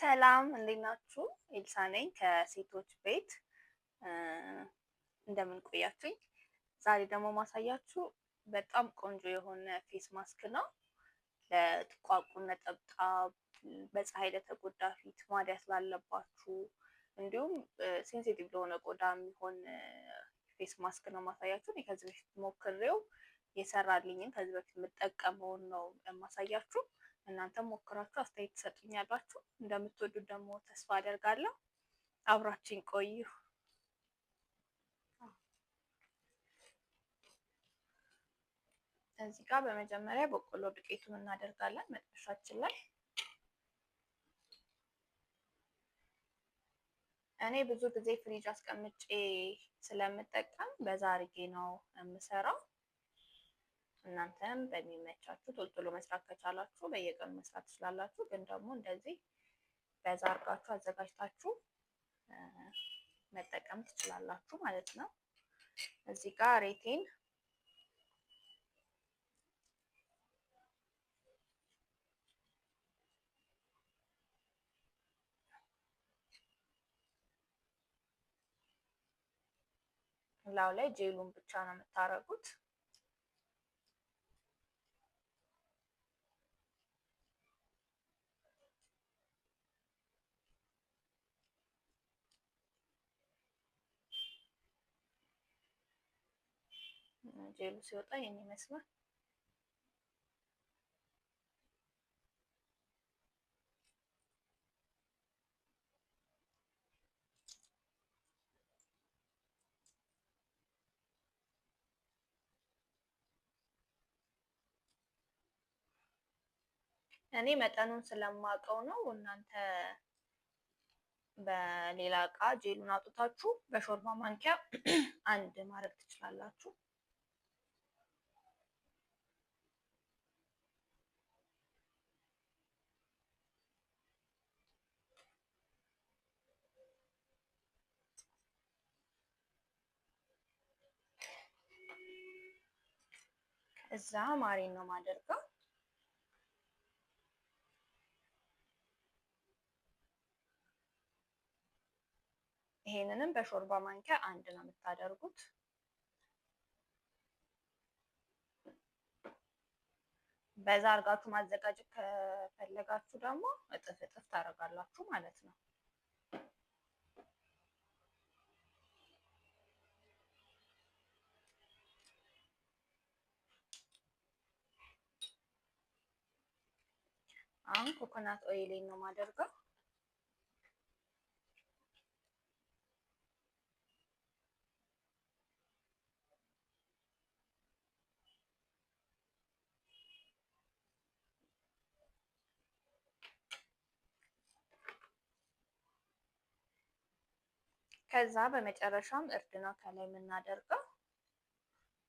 ሰላም እንዴት ናችሁ? ኤልሳ ነኝ ከሴቶች ቤት እንደምን ቆያችሁኝ? ዛሬ ደግሞ ማሳያችሁ በጣም ቆንጆ የሆነ ፌስ ማስክ ነው። ለጥቋቁ ነጠብጣብ፣ በፀሐይ ለተጎዳ ፊት፣ ማድያት ላለባችሁ እንዲሁም ሴንሲቲቭ ለሆነ ቆዳ የሚሆን ፌስ ማስክ ነው ማሳያችሁ። ከዚህ በፊት ሞክሬው የሰራልኝን ከዚህ በፊት የምጠቀመውን ነው ማሳያችሁ። እናንተ ሞክራችሁ አስተያየት ትሰጡኛላችሁ። እንደምትወዱት ደግሞ ተስፋ አደርጋለሁ። አብራችን ቆዩ። እዚህ ጋር በመጀመሪያ በቆሎ ዱቄቱን እናደርጋለን መጥበሻችን ላይ እኔ ብዙ ጊዜ ፍሪጅ አስቀምጬ ስለምጠቀም በዛ አድርጌ ነው የምሰራው። እናንተም በሚመቻችሁ ቶልቶሎ መስራት ከቻላችሁ በየቀኑ መስራት ትችላላችሁ። ግን ደግሞ እንደዚህ በዛ አድርጋችሁ አዘጋጅታችሁ መጠቀም ትችላላችሁ ማለት ነው። እዚህ ጋር ሬቴን ላው ላይ ጄሉን ብቻ ነው የምታረጉት። ጄሉ ሲወጣ ይህን ይመስላል። እኔ መጠኑን ስለማውቀው ነው። እናንተ በሌላ እቃ ጄሉን አውጥታችሁ በሾርባ ማንኪያ አንድ ማድረግ ትችላላችሁ። እዛ ማሬን ነው ማደርገው። ይሄንንም በሾርባ ማንኪያ አንድ ነው የምታደርጉት። በዛ አርጋችሁ ማዘጋጀት ከፈለጋችሁ ደግሞ እጥፍ እጥፍ ታደርጋላችሁ ማለት ነው። አሁን ኮኮናት ኦይሌን ነው ማደርገው። ከዛ በመጨረሻም እርድ ነው ከላይ የምናደርገው።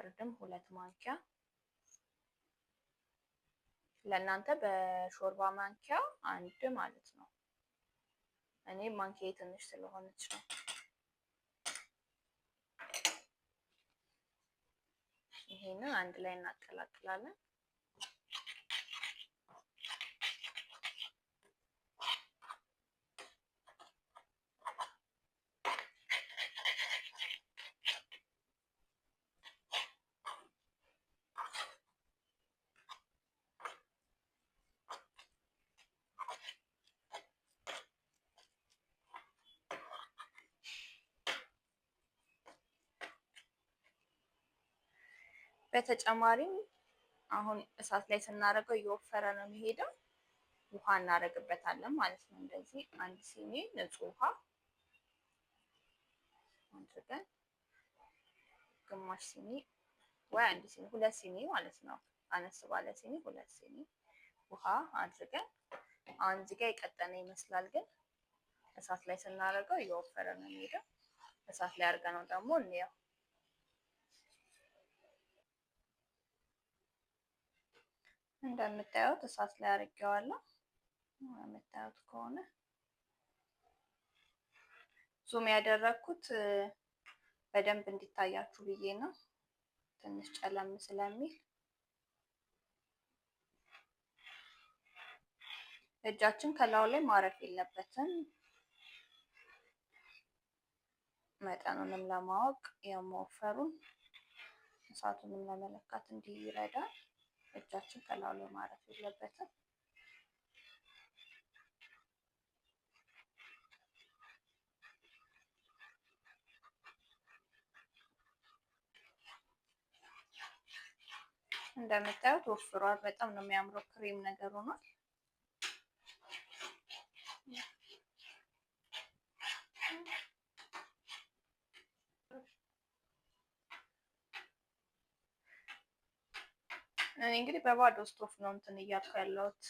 እርድም ሁለት ማንኪያ ለእናንተ በሾርባ ማንኪያ አንድ ማለት ነው። እኔ ማንኪያ ትንሽ ስለሆነች ነው። ይሄንን አንድ ላይ እናቀላቅላለን። በተጨማሪም አሁን እሳት ላይ ስናደርገው እየወፈረ ነው የሚሄደው። ውሃ እናደርግበታለን ማለት ነው። እንደዚህ አንድ ሲኒ ንጹህ ውሃ አድርገን ግማሽ ሲኒ ወይ አንድ ሲኒ ሁለት ሲኒ ማለት ነው። አነስ ባለ ሲኒ ሁለት ሲኒ ውሃ አድርገን አሁን እዚህ ጋር የቀጠነ ይመስላል፣ ግን እሳት ላይ ስናደርገው እየወፈረ ነው የሚሄደው። እሳት ላይ አድርገነው ደግሞ እንየው። እንደምታዩት እሳት ላይ አድርጌዋለሁ። የምታዩት ከሆነ ዙም ያደረግኩት በደንብ እንዲታያችሁ ብዬ ነው። ትንሽ ጨለም ስለሚል እጃችን ከላዩ ላይ ማረፍ የለበትም። መጠኑንም ለማወቅ የመወፈሩን እሳቱንም ለመለካት እንዲህ ይረዳል። እጃችን ከላዩ ላይ ማረፍ የለበትም። እንደምታዩት ወፍሯል። በጣም ነው የሚያምረው። ክሬም ነገር ሆኗል። እኔ እንግዲህ በባዶ ስቶፍ ነው እንትን እያልኩ ያለሁት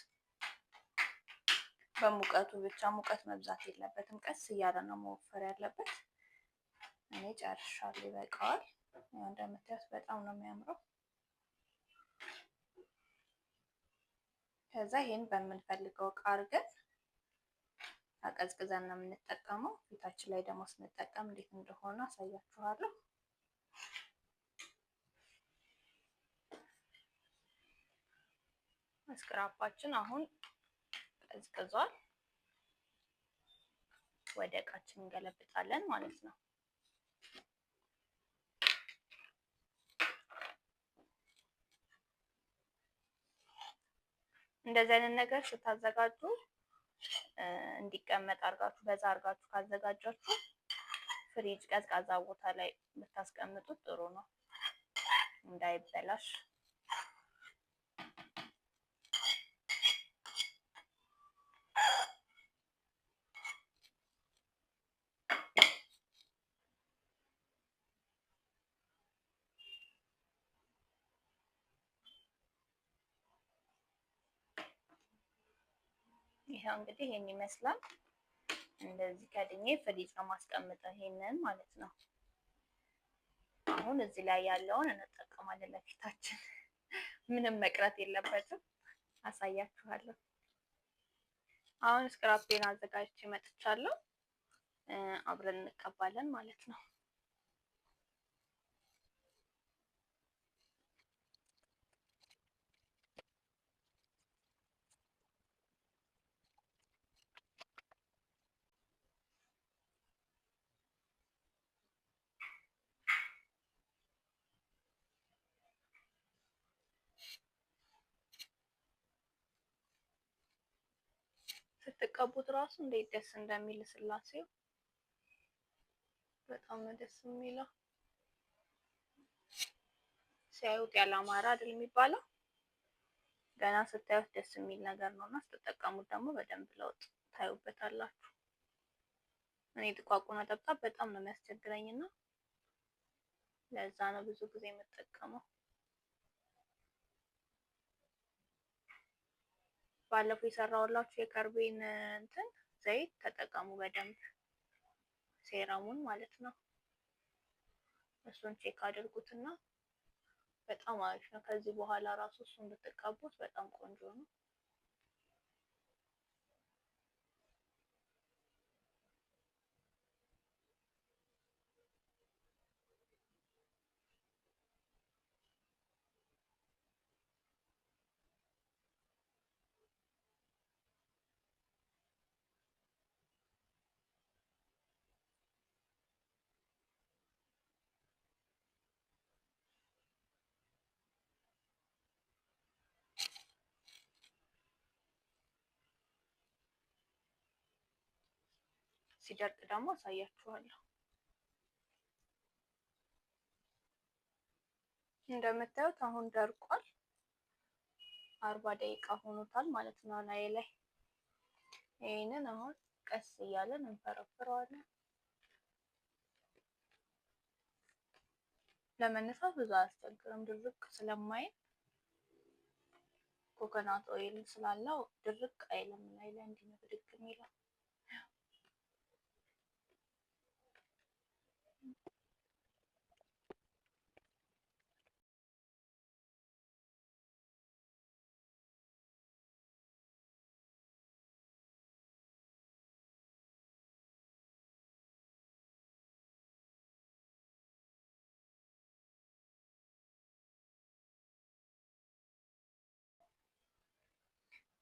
በሙቀቱ ብቻ። ሙቀት መብዛት የለበትም። ቀስ እያለ ነው መወፈር ያለበት። እኔ ጨርሻለሁ፣ ይበቃዋል። እንደምታዩት በጣም ነው የሚያምረው። ከዛ ይህን በምንፈልገው እቃ አድርገን አቀዝቅዘን ነው የምንጠቀመው። ፊታችን ላይ ደግሞ ስንጠቀም እንዴት እንደሆነ አሳያችኋለሁ። መስክራፓችን አሁን ቀዝቅዟል። ወደ እቃችን እንገለብጣለን ማለት ነው። እንደዚህ አይነት ነገር ስታዘጋጁ እንዲቀመጥ አርጋችሁ በዛ አርጋችሁ ካዘጋጃችሁ ፍሪጅ ቀዝቃዛ ቦታ ላይ ብታስቀምጡት ጥሩ ነው እንዳይበላሽ ይሄው እንግዲህ ይሄን ይመስላል። እንደዚህ ከድኜ ፍሪጅ ነው ማስቀምጠው ይሄንን ማለት ነው። አሁን እዚህ ላይ ያለውን እንጠቀማለን ለፊታችን። ምንም መቅረት የለበትም። አሳያችኋለሁ። አሁን ስክራፔን አዘጋጅቼ መጥቻለሁ። አብረን እንቀባለን ማለት ነው። ስትቀቡት ራሱ እንዴት ደስ እንደሚል ስላሴው በጣም ነው ደስ የሚለው። ሲያዩት ያለ አማራ አይደል የሚባለው። ገና ስታዩት ደስ የሚል ነገር ነው እና ስትጠቀሙት ደግሞ በደንብ ለውጥ ታዩበታላችሁ። እኔ ጥቋቁ ነጠብጣብ በጣም ነው የሚያስቸግረኝ እና ለዛ ነው ብዙ ጊዜ የምጠቀመው። ባለፈው የሰራውላችሁ የከርቤን እንትን ዘይት ተጠቀሙ በደንብ ሴራሙን ማለት ነው። እሱን ቼክ አድርጉትና በጣም አሪፍ ነው። ከዚህ በኋላ ራሱ እሱን ብትቀቡት በጣም ቆንጆ ነው። ሲደርቅ ደግሞ አሳያችኋለሁ። እንደምታዩት አሁን ደርቋል። አርባ ደቂቃ ሆኖታል ማለት ነው። ላይ ላይ ይህንን አሁን ቀስ እያለን እንፈረፍረዋለን። ለመነሳት ብዙ አያስቸግርም። ድርቅ ስለማይል ኮኮናት ኦይል ስላለው ድርቅ አይልም። ላይ ላይ እንዲህ ነው የሚለው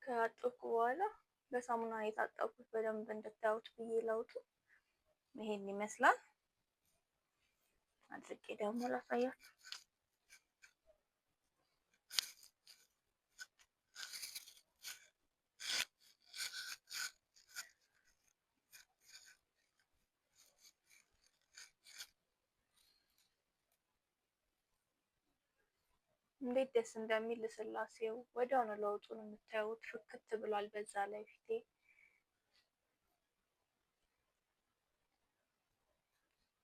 ከአጠብኩ በኋላ በሳሙና የታጠብኩት በደንብ እንድታዩት ብዬ ለውጡ ይሄን ይመስላል። አድርቄ ደግሞ ላሳያችሁ። እንዴት ደስ እንደሚል ልስላሴው! ወዲያው ነው ለውጡን የምታዩት። ፍክት ብሏል። በዛ ላይ ፊቴ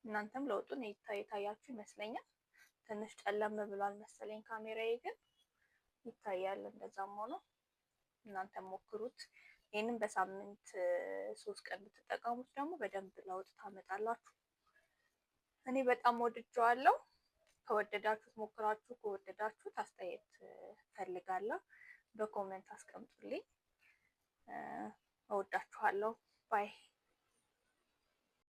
እናንተም ለውጡን የታያችሁ ይመስለኛል። ትንሽ ጨለም ብሏል መሰለኝ ካሜራዬ፣ ግን ይታያል። እንደዛም ሆኖ እናንተም ሞክሩት። ይህንም በሳምንት ሶስት ቀን ብትጠቀሙት ደግሞ በደንብ ለውጥ ታመጣላችሁ። እኔ በጣም ወድጀዋለሁ። ከወደዳችሁት ሞክራችሁ ከወደዳችሁት አስተያየት ፈልጋለሁ። በኮሜንት አስቀምጡልኝ። እወዳችኋለሁ። ባይ